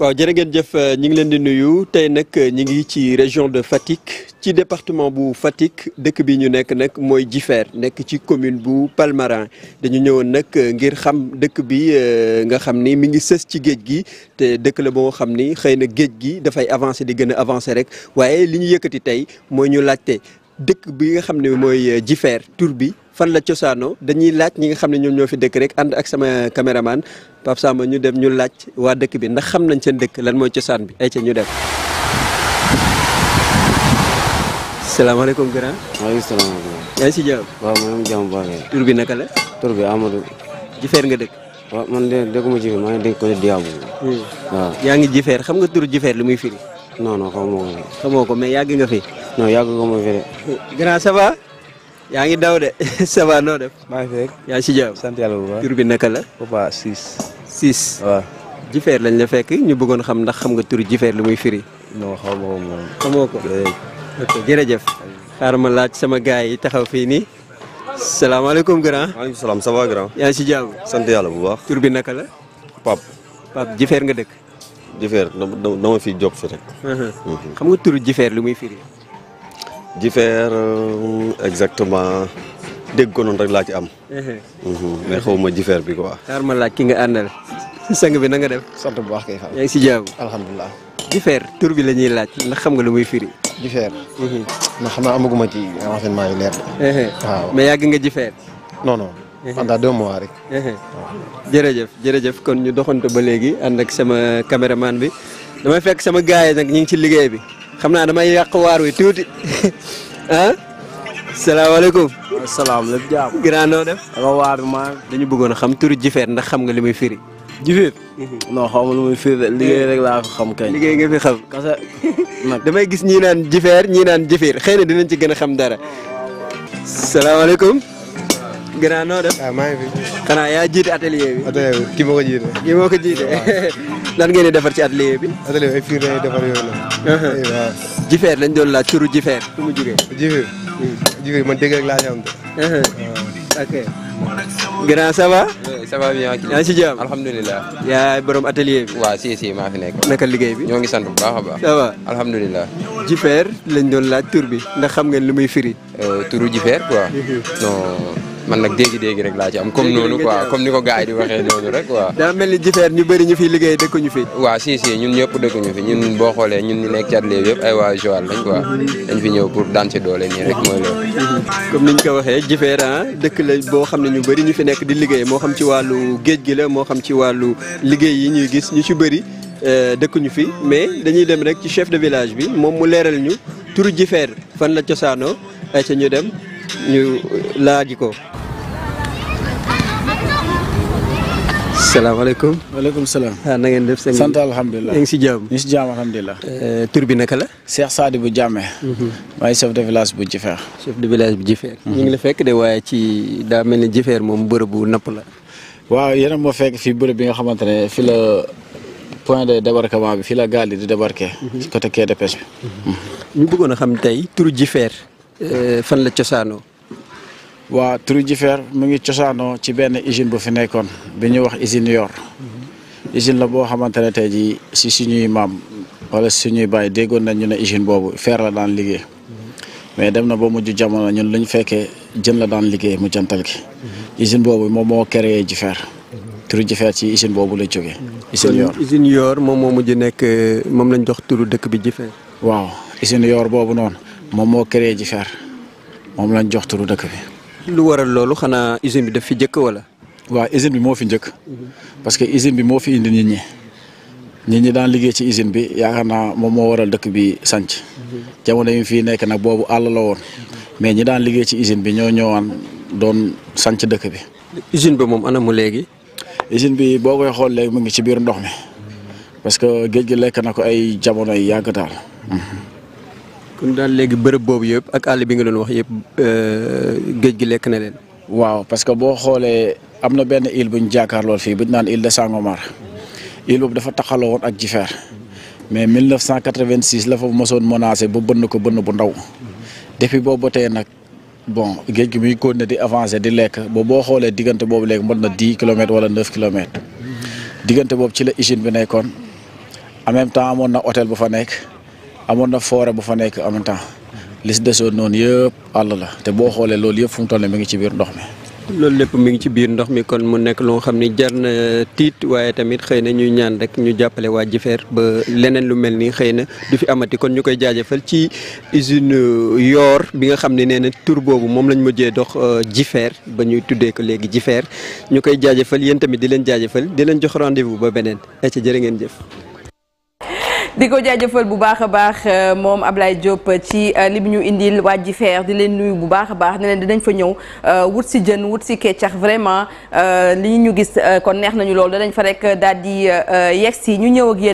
waaw jërë ngeen jëf euh, ñu ngi leen di nuyu tey nag euh, ñu ngi ci région de Fatick ci département bu Fatick dëkk bi ñu nekk nag mooy Jifeer nekk ci commune bu Palmarin dañu ñëwoon nag euh, ngir xam dëkk bi nga xam ni mi ngi sës ci géej gi te dëkk la boo xam ni xëy na géej gi dafay avancer di gën a avancer rek waaye li ñu yëkkati tey mooy ñu laajte dëkk bi nga xam ne mooy Jifeer tur bi fan la cosaanoo dañuy laaj ñu ngi xam ne ñoom ñoo fi dëkk rek ànd ak sama caméraman Pape Samba ñu dem ñu laaj waa dëkk bi ndax xam nañ seen dëkk lan mooy cosaan bi. ayca ñu dem. salaamaaleykum grand. maaleykum salaam. yaa ngi si jàmm. waaw maa ngi jàmm baax la. tur bi Amadou. Jifeer nga dëkk. waaw man de dëkkuma hmm. yaa ngi Jifeer xam nga turu Jifeer li muy firi. non xamoo ko. xamoo ko mais nga fi. non yàgg nga ma fi de. grand ça yaa ngi daw de ça va noo def. maa ngi yaa si jàmm sant bi naka la. Papa Ciss. Ciss Jifeer lañ la fekk ñu bëggoon xam ndax xam nga tur Jifeer lu muy firi. non xaw ma ko ko ok xaaral ma laaj sama gars yi taxaw fii nii. salaamaaleykum grand. maaleykum salaam ça va grand. yaa si jàmm. sant yàlla bu baax. tur bi naka la. Pape. Jifeer nga dëkk. Jifeer dama dama job fi rek. Uh-huh. Mhm. lu muy firi. Jifeer euh, exactement dégg ko noonu rek laa ci am. Mhm. mais xaw ma Jifeer bi quoi. xaar ma laaj ki nga àndal sang bi na nga def. sant bu baax kay xam. yaa ngi si jaamu Jifeer tur bi la ñuy laaj ndax xam nga lu muy firi. Jifeer. Mhm. ndax xam naa amaguma ci renseignement yu leer. waaw nga Jifeer. non non. pendant deux mois rek. jërëjëf jërëjëf kon ñu doxante ba léegi ànd ak sama caméraman bi damay fekk sama gars ñu ngi ci liggéey bi. xam naa damay yàq waar wi tuuti ah salaam lépp jàmm. dañu bëggoon xam turu Jifeer ndax xam nga li muy firi. Jifeer. Mhm. non xaw ma firi liggéey rek laa xam kañ. damay gis ñii naan Jifeer ñii naan Jifeer xëy na dinañ ci gën a xam dara. salaamaaleykum. grand noo def. waaw ah, maa ngi fi. xanaa yaa jiit atelier bi. atelier bi kii moo ko kii moo ko jiite. lan ngeen defar ci atelier bi. atelier bi uh-huh. jifeer lañ doon laaj turu jifeer fu mu jugee. man dégg laa ñu uh-huh. am. ok. grand ça va. ça va bien. yaa ngi si jàmm alhamdulilah. borom atelier bi. waaw si si maa nekk. naka liggéey bi ñoo ngi sant bu baax a baax. ça va jifeer lañ doon laaj tur bi ndax xam ngeen lu muy firi. Euh, turu jifeer quoi. Uh-huh. man nag dégg-dégg rek laa ci am comme noonu quoi comme ni ko gars yi di waxee noonu rek waa daa mel ni jifeer ñu bëri ñu fi liggéey dëkkuñu fi waaw si si ñun ñëpp dëkkuñu fi ñun boo xoolee ñun ñu ne ci atelier yëpp ay waa Joal lañ fi ñëw pour daan ci doole nii rek mooy loolu mhm. comme waxee jifeer ah dëkk la boo xam ne ñu bëri ñu fi nekk di liggéey moo xam ci wàllu géej gi la moo xam ci wàllu liggéey yi ñuy gis ñu ci bëri euh, dëkkuñu fi mais dañuy dem rek ci chef de village bi moom mu leeral ñu turu jifeer fan la cosaanoo ay ca ñu dem ñu laaji ko. salaamaaleykum. waaleykum salaam. ah na def seen. sant alhamdulilah ñu si jàmm. ñu ngi si eh, bi naka la. Cheikh bu Diamé. waaye mhm. chef de village bu Jifeer. chef de village bu Jifeer. Mhm. ñu ngi la fekk de waaye ci daa mel ni Jifeer moom bërëbu napp la. waaw yéen a ma fekk fii bërëb bi nga xamante ne fii la point de débarquement bi fii la gaal yi di débarquer. ci mhm. côté de pêche bi. ñu bëggoon a xam tey turu Jifeer. Euh, fan la cosaano waa turu Jifeer mu ngi cosaanoo ci benn usine bu fi nekkoon bi ñuy wax usine yor mhm. usine la boo xamante ne tey jii si suñuy maam wala suñuy bàyyi déggoon nañ ñu ne usine boobu fer la daan liggéey mhm. mais dem na ba mujj jamono ñun luñ fekkee jën la daan liggéey mu jantal gi mhm. usine boobu moom moo créé Jifeer turu Jifeer ci usine boobu la jóge usine yor moom moo mujj nekk moom lañ jox turu dëkk bi Jifeer. waaw usine yoor boobu noonu. moom moo créer ji fer moom lañ jox turu dëkk bi. lu waral loolu xanaa usine bi def fi njëkk wala. waaw usine bi moo fi njëkk mhm. parce que usine bi moo fi indi nit ñi nit ñi daan liggéey ci usine bi yaakaar naa moom moo waral dëkk bi sanc mhm. jamono yi fii nekk nag boobu àll woon mais ñi daan liggéey ci usine bi ñoo ñëwaan doon sanc dëkk bi. usine bi moom ana mu léegi. usine bi boo koy xool léegi mu ngi ci biir ndox mi mhm. parce que géej gi lekk na ko ay jamono yi yàgg daal. kon daal léegi bërëb boobu yëpp ak àll bi nga doon wax yëpp euh, géej gi lekk na leen. waaw parce que boo xoolee am na benn île bu ñu jàkkaarlool fii bu ñu naan île de Sangomar île boobu dafa taxaloo woon ak jifeer mais 1986 la fa mosoon menacé ba bënn ko bënn bu ndaw depuis boobu ba tey nag bon géej gi muy na di avancer di lekk ba boo xoolee diggante boobu léegi mën na 10 kilomètres wala 9 kilomètres diggante boobu ci la usine bi nekkoon en même temps amoon na hôtel bu fa nekk. amoon na forêt bu fa nekk en temps li si soo noonu yëpp àll la te boo xoolee loolu yëpp fu mu toll mi ngi ci biir ndox loolu lépp mi ngi ci biir ndox mi kon mu nekk loo xam ni jar na euh, tiit waaye tamit xëy na ñuy ñaan rek ñu jàppale waa Jifeer ba leneen lu mel ni xëy na du fi amati kon ñu koy jaajëfal ci usine euh, yoor bi nga xam ne nee na tur boobu moom ma jee dox euh, Jifeer ba ñuy tuddee ko léegi Jifeer ñu koy jaajëfal yéen tamit di leen jaajëfal di leen jox rendez ba beneen et ci jërë ngeen jëf. di ko jaajëfal bu baax a baax euh, moom ab Ablaye Diop ci euh, li mu ñu indil wàjji feer di leen nuyu bu baax a baax ne leen dinañ fa ñëw euh, wut si jën wut si keccax vraiment li ñu gis kon neex nañu loolu danañ fa rekk daal di yegg si ñu ñëw ak